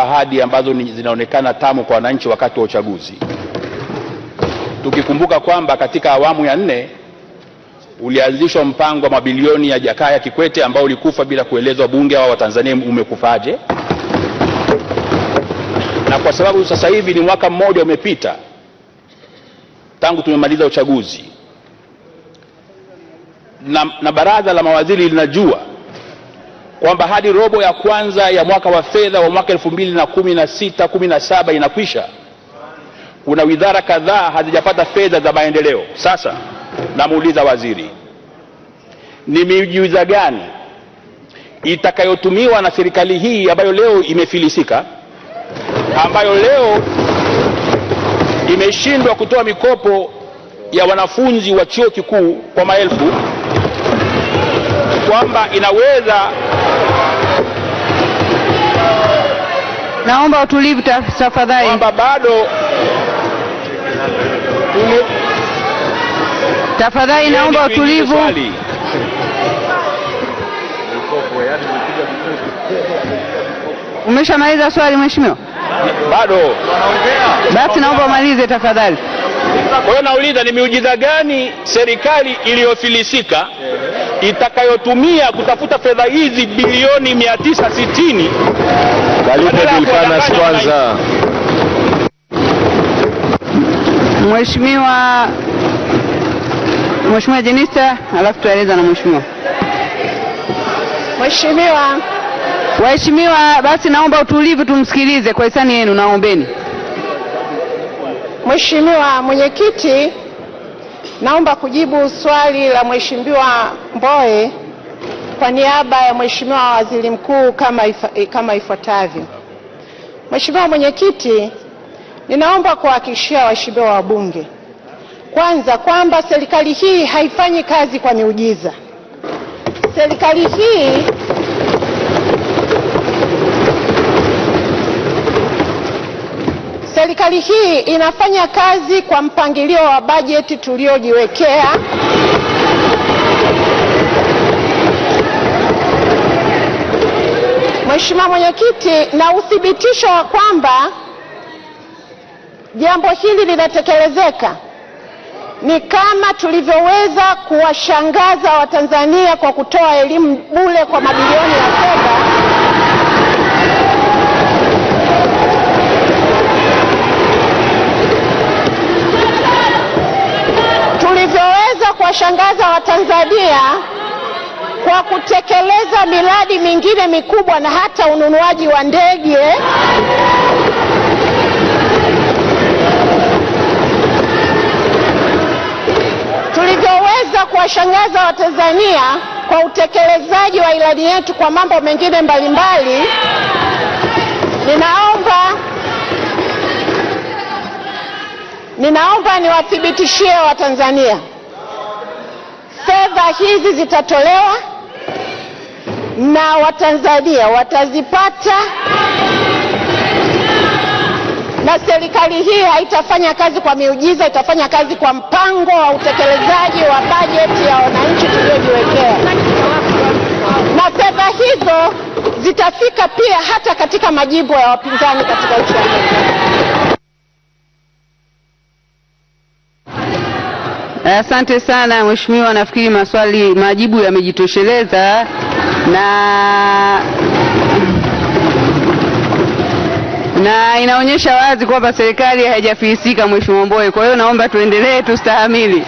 ahadi ambazo ni zinaonekana tamu kwa wananchi wakati wa uchaguzi, tukikumbuka kwamba katika awamu ya nne ulianzishwa mpango wa mabilioni ya Jakaya Kikwete ambao ulikufa bila kuelezwa bunge au Watanzania umekufaje. Na kwa sababu sasa hivi ni mwaka mmoja umepita tangu tumemaliza uchaguzi na, na baraza la mawaziri linajua kwamba hadi robo ya kwanza ya mwaka wa fedha wa mwaka 2016 17 inakwisha, kuna widhara kadhaa hazijapata fedha za maendeleo. Sasa namuuliza waziri, ni miujiza gani itakayotumiwa na serikali hii ambayo leo imefilisika, ambayo leo imeshindwa kutoa mikopo ya wanafunzi wa chuo kikuu kwa maelfu, kwamba inaweza Naomba utulivu tafadhali, kwamba bado tafadhali, yaani naomba utulivu. Yaani Umeshamaliza swali mheshimiwa? Bado basi, naomba umalize tafadhali. Kwa hiyo nauliza, ni miujiza gani serikali iliyofilisika itakayotumia kutafuta fedha hizi bilioni 960 Balivyojulikana kwanza. Mheshimiwa Mheshimiwa Jenista, alafu tueleza na mheshimiwa. Mheshimiwa. Waheshimiwa, basi naomba utulivu tumsikilize kwa hisani yenu, naombeni. Mheshimiwa Mwenyekiti, naomba kujibu swali la Mheshimiwa Mbowe kwa niaba ya Mheshimiwa Waziri Mkuu kama, ifa, eh, kama ifuatavyo. Mheshimiwa Mwenyekiti, ninaomba kuwahakikishia waheshimiwa wabunge kwanza kwamba serikali hii haifanyi kazi kwa miujiza. Serikali hii serikali hii inafanya kazi kwa mpangilio wa bajeti tuliojiwekea. Mheshimiwa Mwenyekiti, na uthibitisho wa kwamba jambo hili linatekelezeka ni kama tulivyoweza kuwashangaza Watanzania kwa kutoa elimu bure kwa mabilioni ya fedha tulivyoweza kuwashangaza Watanzania kwa kutekeleza miradi mingine mikubwa na hata ununuaji wa ndege tulivyoweza kuwashangaza Watanzania kwa utekelezaji wa ilani yetu kwa mambo mengine mbalimbali. Ninaomba, ninaomba niwathibitishie Watanzania fedha hizi zitatolewa na Watanzania watazipata na serikali hii haitafanya kazi kwa miujiza, itafanya kazi kwa mpango wa utekelezaji wa bajeti ya wananchi tuliyojiwekea, na fedha hizo zitafika pia hata katika majimbo ya wapinzani katika nchi ya Asante sana mheshimiwa, nafikiri maswali majibu yamejitosheleza na na inaonyesha wazi kwamba serikali haijafilisika, Mheshimiwa Mbowe. Kwa hiyo naomba tuendelee tustahamili.